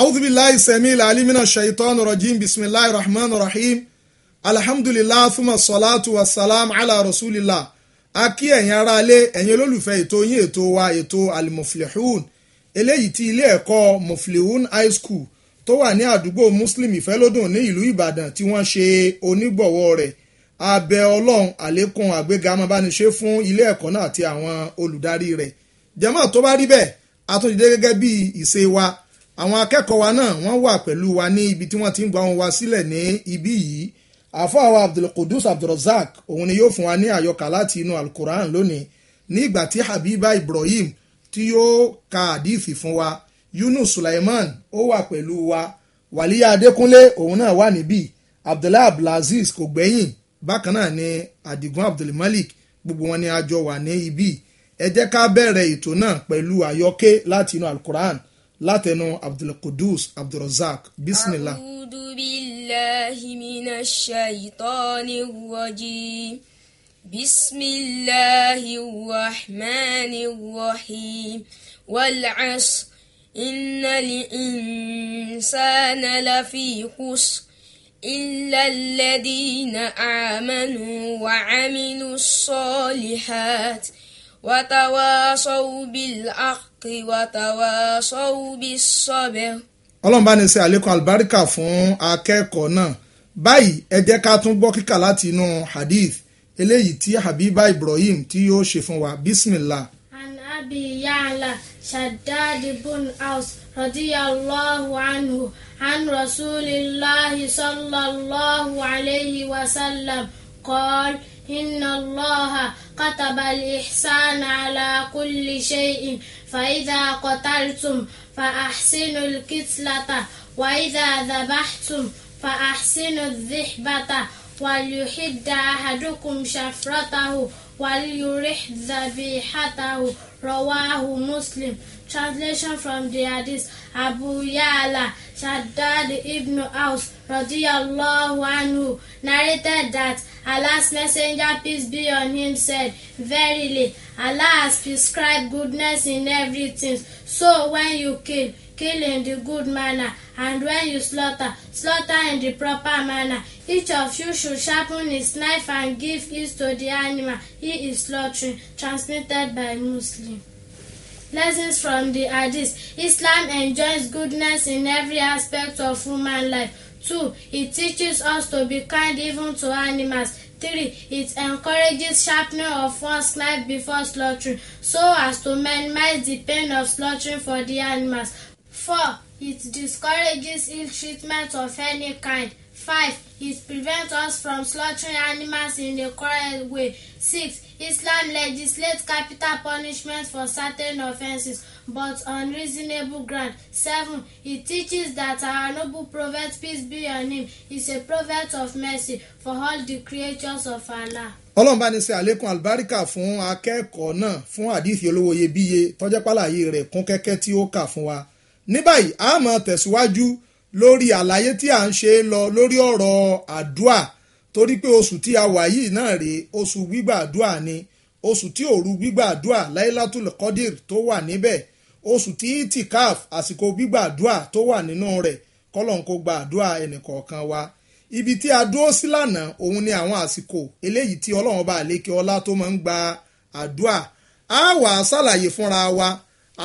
أعوذ بالله السميع العليم من الشيطان الرجيم بسم الله الرحمن الرحيم الحمد لله ثم الصلاة والسلام على رسول الله akí ẹ̀yin aráalé ẹ̀yin olólùfẹ́ ètò yín ètò wa ètò alimuflihun eléyìí tí ilé ẹ̀kọ́ muflihun high school tó wà ní àdúgbò muslim ìfẹ́lódùn ní ìlú ìbàdàn tí wọ́n ṣe onígbọ̀wọ́ rẹ̀ a bẹ̀ àlékún àgbéga máa fún ilé ẹ̀kọ́ náà àti àwọn olùdarí rẹ̀ jẹ́mọ̀ tó bá rí bẹ́ẹ̀ a tún ti dé wa àwọn akẹ́kọ̀ọ́ wa náà wọ́n wà pẹ̀lú wa ní ibi tí wọ́n ti ń gba wọn wa sílẹ̀ ní ibi yìí àfọwọ́ abdulkudus abdulrasaq òun ni yóò fún wa ní àyọkà láti inú alukoran lónìí ní tí habiba ibrahim tí yóò ka àdìfì fún wa yunus sulaiman ó wà pẹ̀lú wa wàlíyà adékúnlé òun náà wà níbí abdullahi abdulaziz kò gbẹ̀yìn bákan náà ni adigun abdulmalik gbogbo wọn ni a jọ wà ní ibi ẹ jẹ́ ká bẹ̀rẹ̀ ètò náà pẹ̀lú àyọkẹ́ láti inú alukoran látẹnu abdulkudus abdulrozak bisimilah. a'udhu billahi minash shaitanir rajim bismillahir rahmanir rahim wal 'asr innal insana lafi khusr إلا الذين آمنوا وعملوا الصالحات wàtàwàsọ́wù bíláàkì wàtàwàsọ́wù bí sọ́bẹ̀. ọlọ́run bá ní ṣe àlékún àlùbáríkà fún akẹ́kọ̀ọ́ náà báyìí ẹ jẹ́ ká tún gbọ́ kíkà láti inú hadith eléyìí tí habiba ibrahim tí yóò ṣe fún wa bismillah. an abi yaala shaddad ibn aus radiyallahu anhu an rasulillahi sallallahu alayhi wa sallam qala. إن الله كتب الإحسان على كل شيء فإذا قتلتم فأحسنوا الكتلة وإذا ذبحتم فأحسنوا الذحبة وليحد أحدكم شفرته وليرح ذبيحته رواه مسلم Translation from the Hadith Abu Yala Shaddad ibn Aus radiallahu anhu narrated that Allah's messenger, peace be on him, said, Verily, Allah has prescribed goodness in everything. So when you kill, kill in the good manner, and when you slaughter, slaughter in the proper manner. Each of you should sharpen his knife and give ease to the animal he is slaughtering. Transmitted by Muslim. Lessons from the Hadith Islam enjoins goodness in every aspect of human life. Two, it teaches us to be kind even to animals. Three, it encourages sharpening of one's knife before slaughtering so as to minimize the pain of slaughtering for the animals. Four, it discourages ill treatment of any kind. Five, it prevents us from slaughtering animals in the correct way. Six, Islam legislates capital punishment for certain offences but unreasonable ground. Seven, He teaches that our noble prophet, peace be on him, is a prophet of mercy for all the creatures of Allah. ọlọ́run bá ní ṣe àlékún àlùbáríkà fún akẹ́kọ̀ọ́ náà fún àdìsí olówó iyebíye tọ́jẹ́ pàlàyé rẹ̀ kún kẹ́kẹ́ tí ó kà fún wa. ní báyìí a máa tẹ̀síwájú lórí àlàyé tí à ń ṣe lọ lórí ọ̀rọ̀ àdúà torí pé oṣù tí a wà yìí náà rèé oṣù gbígbà àdúà ni oṣù tí òru gbígbà àdúà láìlátùl kọ́dìr tó wà níbẹ̀ oṣù tí itikaf àsìkò gbígbàdúà tó wà nínú rẹ̀ kọ́lọ́n kó gba àdúà ẹnìkọ̀ọ̀kan wa ibi tí a dúró sí lánàá òun ni àwọn àsìkò eléyìí tí ọlọ́run bá lékè ọlá tó máa ń gba àdúà á wà á ṣàlàyé fúnra wa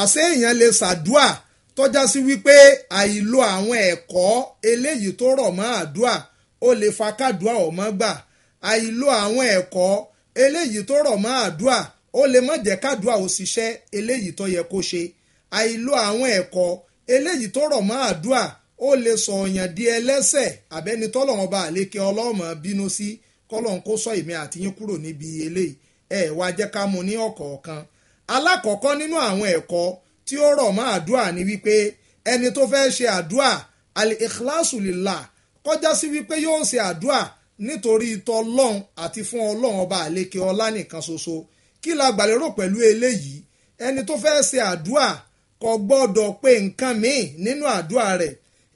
àṣé èèyàn lè ṣàdúà tọ́já sí wípé àìlò àwọn ẹ̀kọ́ eléyìí tó rọ̀ mọ́ àdúà ó lè fa kádùá ọ̀mọ́ gbà àìlò àwọn ẹ̀kọ́ eléyìí tó rọ̀ mọ́ àdúà ó lè má jẹ́ kádùá ó ṣiṣẹ́ eléyìí tó yẹ kó ṣe àìlò àwọn ẹ̀kọ́ eléyìí tó rọ̀ mọ́ àdúà ó lè sọ̀yàn di ẹlẹ́sẹ̀ àbẹ́ni tọ́lọ́run bá àlékè ọlọ́mọ bínú sí kọ́lọ́n kó sọ èmi àtìyín kúrò níbi eléyìí ẹ̀ wá jẹ́ ká mu ní ọ̀kọ̀ọ̀kan alákọ̀ọ́kọ́ nínú àwọn ẹ̀kọ́ tí ó rọ̀ mọ́ àdúà ni wípé ẹni tó fẹ́ ṣe àdúà al-ikhlasu lillah kọjá sí wípé yóò ṣe àdúà nítorí tọlọ́run àti fún ọlọ́run ọba àlékè ọlá nìkan ṣoṣo kí la gbàlérò pẹ̀lú eléyìí ẹni tó fẹ́ ṣe àdúà kò gbọ́dọ̀ pé nǹkan míì nínú àdúrà rẹ̀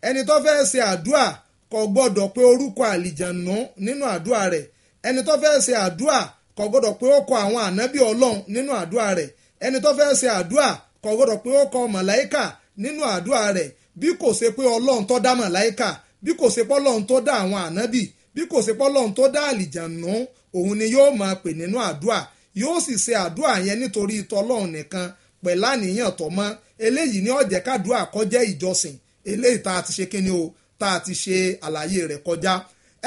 ẹni tó fẹ́ ṣe àdúrà kò gbọ́dọ̀ pé orúkọ àlìjànú nínú àdúrà rẹ̀ ẹni tó fẹ́ ṣe àdúrà kò gbọ́dọ̀ pé ó kọ àwọn ànábì ọlọ́run nínú àdúrà rẹ̀ ẹni tó fẹ́ ṣe nínú àdúrà rẹ̀ bí kò ṣe pé ọlọ́run bí kò ṣe àwọn ànábì bí ni yóò máa pè nínú àdúrà yóò sì ṣe àdúrà yẹn nítorí pẹ̀lú àníyàn tó mọ́ eléyìí ní ọ̀jẹ̀ kádùá kọjẹ́ ìjọsìn eléyìí tá a ti ṣe kíni o tá a ti ṣe àlàyé rẹ̀ kọjá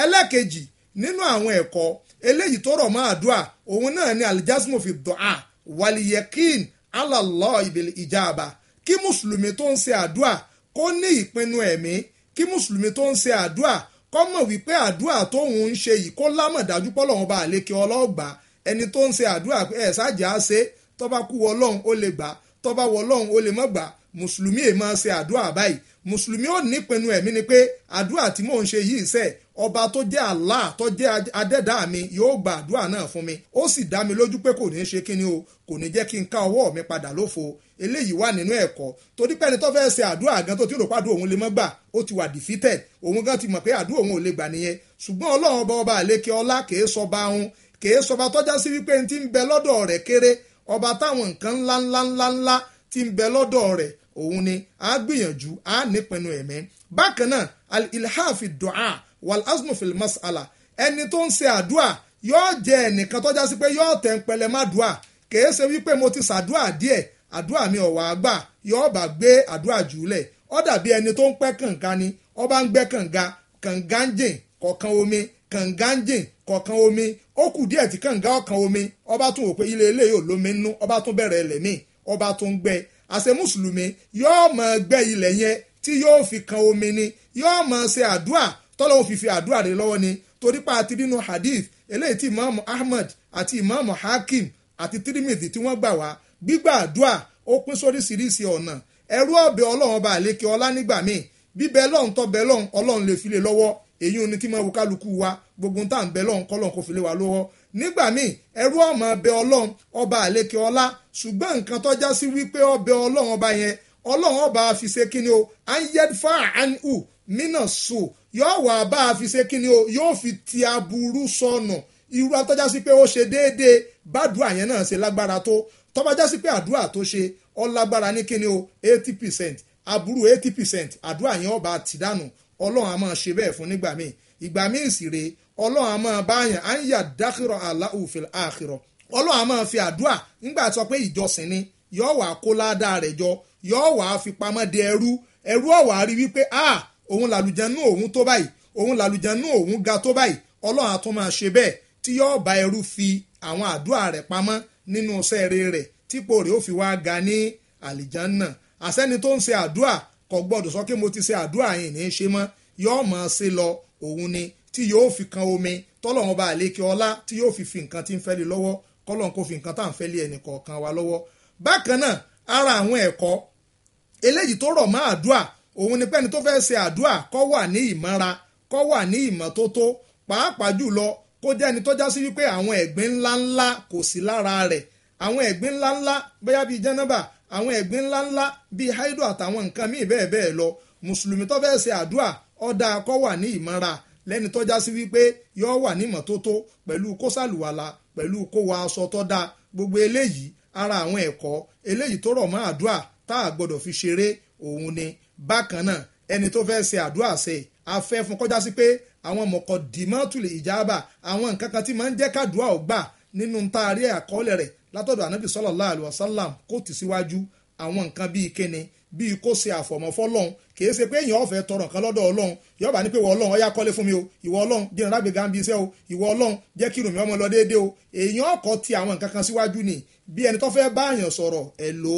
ẹlẹ́ẹ̀kejì nínú àwọn ẹ̀kọ́ eléyìí tó rọ̀ mọ́ àdúà òun náà ni alijasmo fi dọ́à wàlìyẹ̀kín alàlọ́ ìbèlè ìjàmbá kí mùsùlùmí tó ń ṣe àdúà kó ní ìpinnu ẹ̀mí kí mùsùlùmí tó ń ṣe àdúà kó mọ̀ wípé àdúà tóun ń ṣe yìí kó lámọ̀dájú pọ́lọ́wọ́n bá àlékè ọlọ́gbà ẹni tó ń ṣe àdúà ẹ̀ ṣáàjà ṣe é tó bá kú ọlọ́run ó lè gbà tó bá wọ ọlọ́run ó lè má gbà mùsùlùmí èèmọ̀ ṣe àdúrà báyìí mùsùlùmí ò ní pinnu ẹ̀mí ni pé àdúrà tí mò ń ṣe yìí sẹ́ ọba tó jẹ́ Allah tó jẹ́ adẹ́dá mi yóò gba àdúrà náà fún mi ó sì dá mi lójú pé kò ní ṣe kíni o kò ní jẹ́ kí n ká ọwọ́ mi padà lófo eléyìí wà nínú ẹ̀kọ́ torí pẹ́ni tó fẹ́ ṣe àdúrà gan tó ti rò pàdó òun lè mọ́ gbà ó ti wà defeated òun gan ti mọ̀ pé àdúrà òun ò lè gbà nìyẹn ṣùgbọ́n ọlọ́run ọba ọba àlékè ọlá kèé sọba òun kèé sọba tọ́já sí wípé n ti ń bẹ lọ́dọ̀ rẹ̀ kéré ọba táwọn nǹkan ńláńláńláńlá ti ń bẹ lọ́dọ̀ rẹ̀ òun ni a gbìyànjú a nípinnu ẹ̀mí bákan náà alilhafi dua wal asmofil masala ẹni tó ń ṣe àdúà yóò jẹ ẹnìkan tọ́já sí pé yóò tẹ̀ ń pẹlẹ má dua kèé ṣe wípé mo ti ṣàdúà díẹ̀ àdúà mi ọ̀wà àgbà yóò bá gbé àdúà jùlẹ̀ ó dàbí ẹni tó ń pẹ́ kànga ni ó bá ń gbẹ́ kànga kànga kọ̀ọ̀kan omi kànga ń jìn kọ̀ọ̀kan omi ó kù díẹ̀ tí kànga ọ̀kan omi ọba tún wò pé ilé ilé yóò lómi nú ọba tún bẹ̀rẹ̀ ilẹ̀ míì ọba tún gbẹ àṣẹ mùsùlùmí yóò mọ̀ gbẹ́ ilẹ̀ yẹn tí yóò fi kan omi ni yóò mọ̀ ṣe àdúà tọ́lọ́wọ́ fi fi àdúà rẹ̀ lọ́wọ́ ni torí pa àti nínú hadith eléyìí tí imaamu ahmed àti imaamu hakim àti tirimidi tí wọ́n gbà wá gbígbà àdúà ó pín sóríṣiríṣi ọ̀nà ẹrú ọ̀bẹ ọlọ́run ọba àlékè ọlá nígbà míì bíbẹ lọ́hùn tọ́bẹ lọ́hùn ọlọ́run lè fi lọ́wọ́ èyí ò ní kí máa wo kálukú wa gbogbo tá à ń bẹ lọ́hùn kọ́lọ́hùn kò fi lé wa lọ́wọ́ nígbà míì ẹrú ọmọ ọbẹ ọlọ́run ọba àlékè ọlá ṣùgbọ́n nǹkan tọ́já sí wípé ọbẹ ọlọ́run ọba yẹn ọlọ́run ọba fi ṣe kíni o anyedfa anhu mina so yóò wà bá a fi ṣe kíni o yóò fi ti aburú sọnù irú atọ́já sí pé ó ṣe déédéé bádùá yẹn náà ṣe lágbára tó tọ́bajá sí pé àdúrà tó ṣe ọlágbára ní kíni o eighty percent aburú eighty percent àdúrà yẹn ọba ti dànù ọlọ́run á máa ṣe bẹ́ẹ̀ fún nígbà míì ìgbà míì sì rèé ọlọ́run á máa báyàn á ń yà dákìrọ̀ aláhùfẹ́ àkìrọ̀ ọlọ́run á máa fi àdúrà nígbà tó pé ìjọsìn ni yóò wá kó ládàá rẹ̀ jọ yóò wá fi pamọ́ de ẹrú ẹrú ọ̀wá rí wípé a òun làlùjẹnú òun tó báyìí òun làlùjẹnú òun ga tó báyìí ọlọ́run á tún máa ṣe bẹ́ẹ̀ tí yóò bá ẹrú fi àwọn àdúrà rẹ̀ pamọ́ nínú sẹ́ẹ̀rẹ̀ rẹ̀ típò rẹ̀ ó fi wá ga ní àlìjánná àsẹ́ni tó ń ṣe àdúrà kò gbọ́dọ̀ sọ pé mo ti ṣe àdúrà yìí ní í ṣe mọ́ yóò máa ṣe lọ òun ni tí yóò fi kan omi tọ́lọ́run bá àlékè ọlá tí yóò fi fi nǹkan tí ń fẹ́ lé lọ́wọ́ kọ́lọ́run kò fi nǹkan tá à ń fẹ́ lé ẹnì kọ̀ọ̀kan wa lọ́wọ́ bákan náà ara àwọn ẹ̀kọ́ eléyìí tó rọ̀ mọ́ àdúà òun ni pẹ́ni tó fẹ́ ṣe àdúà kọ́ wà ní ìmọ́ra kọ́ wà ní ìmọ́tótó pàápàá jùlọ kó jẹ́ ẹni tó já sí wípé àwọn ẹ̀gbin ńláńlá kò sí lára rẹ̀ àwọn ẹ̀gbin ńláńlá bóyá bíi jẹ́nàbà àwọn ẹ̀gbin ńláńlá bíi haidu àtàwọn nǹkan míì bẹ́ẹ̀ bẹ́ẹ̀ lọ mùsùlùmí tó fẹ́ ṣe àdúà ọ̀dà akọ́ wà ní ìmọ̀ra lẹ́ni tọ́já sí wípé yọ́ wà ní ìmọ̀tótó pẹ̀lú kó pẹ̀lú kó aṣọ tó dáa gbogbo eléyìí ara àwọn ẹ̀kọ́ eléyìí tó rọ̀ mọ́ àdúrà tá a gbọ́dọ̀ fi ṣeré òun ni bákan náà ẹni tó fẹ́ ṣe àdúrà ṣe afẹ́ fún kọjá sí pé àwọn mọ̀kọ́ dìmọ́tùlẹ̀ ìjábà àwọn nǹkan kan tí máa ń jẹ́ kádùá ó gbà nínú ntaari àkọọ́lẹ̀ rẹ̀ látọ̀dọ̀ ànábì sallallahu alaihi wasallam tì síwájú àwọn nǹkan bíi kíni bíi kó ṣe àfọ̀mọ́fọ́lọ́hún kìí ṣe pé èèyàn ọ̀fẹ́ tọrọ kan lọ́dọ̀ ọlọ́run yọba ní pé ìwọ ọlọ́run ọyá kọ́lé fún mi o ìwọ ọlọ́run jẹ́ ìrìnàgbè gambi iṣẹ́ o ìwọ ọlọ́run jẹ́ kí irun mi ọmọ lọ déédéé o èèyàn ọkọ̀ ti àwọn nǹkan kan síwájú ni bí ẹni tó fẹ́ bá àyàn sọ̀rọ̀ ẹ̀lò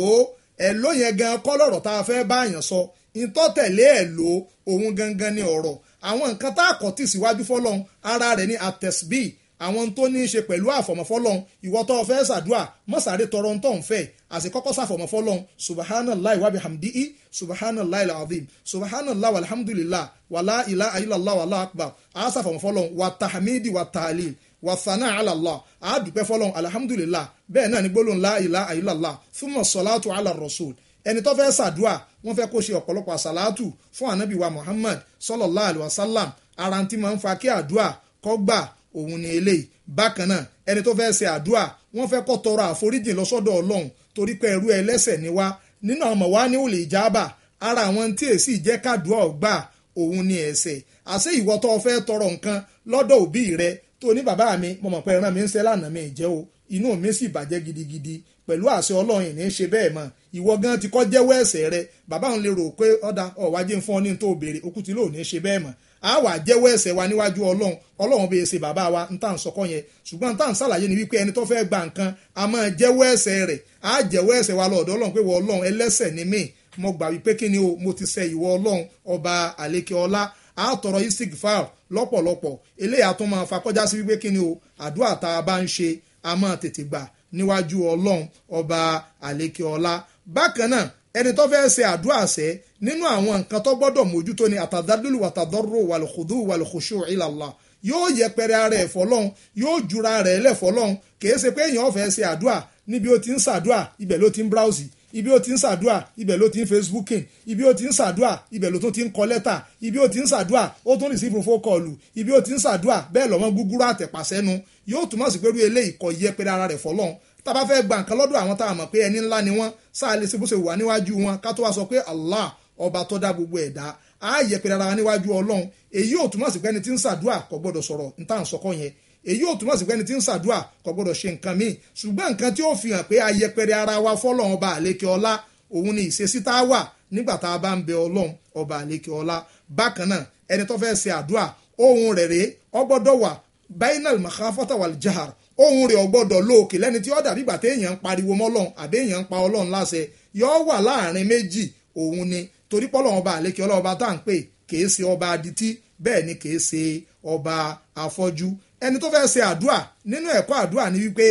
ẹ̀lò yẹn gan kọ́ lọ̀rọ̀ tá a fẹ́ bá àyàn sọ ìtọ́ tẹ̀lé ẹ̀lò òun gangan ni ọ̀rọ̀ àwọn nǹkan tá a tì síwájú fọlọ́run ara rẹ̀ ni àtẹ̀síbíì àwọn tó ní í ṣe pẹ̀lú àfọ̀mọ́fọ́lọ́n ìwọ tó fẹ́ ṣàdúà mọ́sàárẹ̀ tọrọ ń tọ̀hún fẹ́ àṣekọ́kọ́ ṣàfọ̀mọ́fọ́lọ́n subhanallah wa bihamdihi subhanallah alazim subhanallah walhamdulillah wàlá ilá ayélujára wàlá akbar àṣàfọ̀mọ́fọ́lọ́n wa tahmidi wa ta'lil wa sana alallah àdùpẹ́ fọ́lọ́n alhamdulillah bẹ́ẹ̀ náà ni gbólóhùn la ilá ayélujára thumma salatu ala rasul ẹni tó fẹ́ ṣàdúà wọ́n fẹ́ kó ṣe ọ̀pọ̀lọpọ̀ àṣàlátù fún ànábì wa muhammad wa sallam ara ti máa ń fa kí àdúà òun ni eléyìí bákan náà ẹni tó fẹ́ ṣe àdúrà wọ́n fẹ́ kó tọrọ àforíjìn lọ́sọ́dọ̀ ọlọ́run torí pé ẹrú ẹlẹ́ṣẹ̀ ni wá nínú ọmọ wa ní òòlì ìjábà ara àwọn tí èsì jẹ́ kádùá ọ̀gbà òun ni ẹ̀ṣẹ̀ àṣé ìwọ tó fẹ́ tọrọ nǹkan lọ́dọ̀ òbí rẹ tó ní bàbá mi mo mọ̀ pé ẹran mi ń ṣe lánàá mi ìjẹ́ o inú mi sì bàjẹ́ gidigidi pẹ̀lú àṣẹ ọlọ́run ní í ṣe bẹ́ẹ̀ mọ́ ìwọ gan ti kọ́ jẹ́wọ́ ẹ̀ṣẹ̀ rẹ bàbá òun lè rò pé ọ̀dà ọ̀wájú fún ọ ní tó béèrè okùtì lóò ní ṣe bẹ́ẹ̀ mọ́ a wà jẹ́wọ́ ẹ̀ṣẹ̀ wa níwájú ọlọ́run ọlọ́run bẹ́ẹ̀ ṣe bàbá wa ń tà ń sọkọ́ yẹn ṣùgbọ́n tá à ń ṣàlàyé ni wípé ẹni tó fẹ́ gba nǹkan a máa jẹ́wọ́ ẹ̀ṣẹ̀ rẹ̀ a jẹ́wọ́ ẹ̀ṣẹ̀ wa lọ́dọ̀ ọlọ́run pé wọ ọlọ́run ẹlẹ́ṣẹ̀ ni mí mo gbà wípé kí ni o mo ti ṣẹ̀ ìwọ ọlọ́run ọba àlékè ọlá a tọrọ istigfar lọ́pọ̀lọpọ̀ eléyà tó máa fa kọjá sí wípé kí ni o àdúrà tá a bá ń ṣe a máa tètè gbà níwájú ọlọ́run ọba ẹni tó fẹ́ ṣe àdúrà ṣe nínú àwọn nǹkan tó gbọ́dọ̀ mójútó ni àtàdádúlù wàtàdọ́rò wàlùkùdù wàlùkùṣù ìlàlà yóò yẹpẹrẹ ara ẹ̀ fọlọ́n yóò jura rẹ̀ lẹ́fọlọ́n kìí ṣe pé èèyàn fẹ́ ṣe àdúrà níbi ó ti ń ṣàdúrà ibẹ̀ ló ti ń browse ibi ó ti ń ṣàdúrà ibẹ̀ ló ti ń facebooking ibi ó ti ń ṣàdúrà ibẹ̀ ló tún ti ń kọ lẹ́tà ibi ó ti ń ṣàdúrà ó tún receive phone call ibi ó ti ń ṣàdúrà bẹ́ẹ̀ lọ́mọ gúgúrú àtẹ̀pàṣẹ́nu yóò túmọ̀ sí pé irú eléyìí kò yẹpẹrẹ ara rẹ̀ fọlọ́n tá a bá fẹ́ gba nǹkan lọ́dọ̀ àwọn tá a mọ̀ pé ẹni ńlá ni wọ́n sáà lè ṣe bó ṣe wà níwájú wọn ká tó wá sọ pé Allah ọba tó dá gbogbo ẹ̀dá á yẹ pé rárá níwájú ọlọ́run èyí ò túmọ̀ sí pé ẹni tí ń ṣàdúà kò gbọ́dọ̀ sọ̀rọ̀ ní tá à ń sọkọ́ yẹn èyí ò túmọ̀ sí pé ẹni tí ń ṣàdúà kò gbọ́dọ̀ ṣe nǹkan míì ṣùgbọ́n nǹkan tí ó fi hàn pé ayẹpẹrẹ ara wa fọ́lọ́run ọba àlékè ọlá òun ni ìṣesí tá a wà nígbà tá a bá ń bẹ ọlọ́run ọba àlékè ọlá bákan náà ẹni tó fẹ́ ṣe àdúà ohun rere ó gbọ́dọ̀ wà bainal makhafata jahar ohun rẹ̀ ọ̀gbọ́dọ̀ lóòkè lẹ́ni tí ó dàbí ìgbà téèyàn ń pariwo mọ́lọ́run àbí èèyàn ń pa ọlọ́run láṣẹ yóò wà láàrin méjì òun ni torí pọ́lọ́run ọba àlékè ọlọ́ọba tá à ń pè kìí ṣe ọba adití bẹ́ẹ̀ ni kìí ṣe ọba afọ́jú ẹni tó fẹ́ ṣe àdúà nínú ẹ̀kọ́ àdúà ni wípé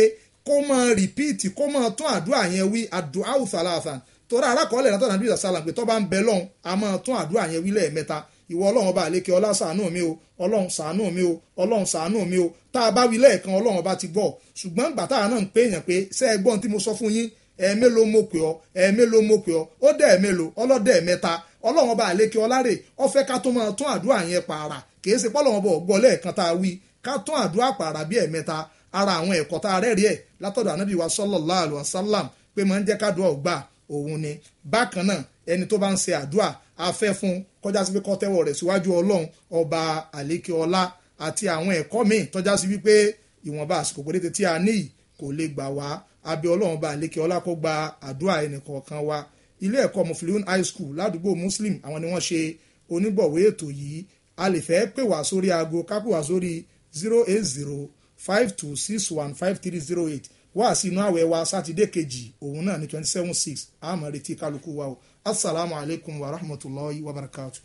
kó máa rìpíìtì kó máa tún àdúà yẹn wí àdúà àwùsàlàsàn torí arákọ̀ọ́lẹ̀ látọ̀nà bí ìsàlà pé tó bá ń bẹ lọ́hùn a máa tún àdúrà yẹn wí lẹ́ẹ̀mẹ́ta ìwọ ọlọ́run ọba àlékè ọlá ṣàánú mi o ọlọ́run ṣàánú mi o ọlọ́run ṣàánú mi o tá a bá wí lẹ́ẹ̀kan ọlọ́run ọba ti gbọ́ ṣùgbọ́n ìgbà táwa náà ń pè èèyàn pé ṣé ẹ gbọ́n tí mo sọ fún yín ẹ̀ẹ́mélòó mo pè ọ́ ẹ̀ẹ́mélòó mo pè ọ́ ó dẹ̀ ẹ̀ẹ́mélòó ọlọ́dẹ̀ ẹ̀mẹ́ta ọlọ́run ọba àlékè ọlárè ó fẹ́ ká tó máa tún àdúrà yẹn pààrà kìí ṣe pọ́lọ́run ọba ọ̀gbọ́ lẹ́ẹ̀kan tá a wí ká tún àdúrà pààrà bí ẹ̀mẹ́ta ara àwọn ẹ̀kọ́ tá a rẹ́rìí ẹ̀ látọ̀dọ̀ ànábì wa sallallahu alaihi wasallam pé máa ń jẹ́ ká dùn ọ̀gbà òun ni bákan náà ẹni tó bá ń ṣe àdúà afẹ́ fún kọjá sí pé kó tẹ́wọ́ rẹ̀ síwájú ọlọ́run ọba àlékè ọlá àti àwọn ẹ̀kọ́ míì tọ́já sí wípé ìwọ̀nba àsìkò péréte tí a ní kò lè gbà wá abẹ́ ọlọ́run ọba àlékè kó gba àdúà ẹnì kọ̀ọ̀kan wa ilé ẹ̀kọ́ mufiliun high school ládùúgbò muslim àwọn ni wọ́n ṣe onígbọ̀wé ètò yìí a lè fẹ́ pè wá sórí aago ká wá sórí zero eight zero five two six one five three zero eight wá sí àwẹ̀ wa sátidé kejì òun náà ní twenty seven six àmọ́ retí kálukú wa o asalaamualeykum wa rahmatulahi wa barakatuh.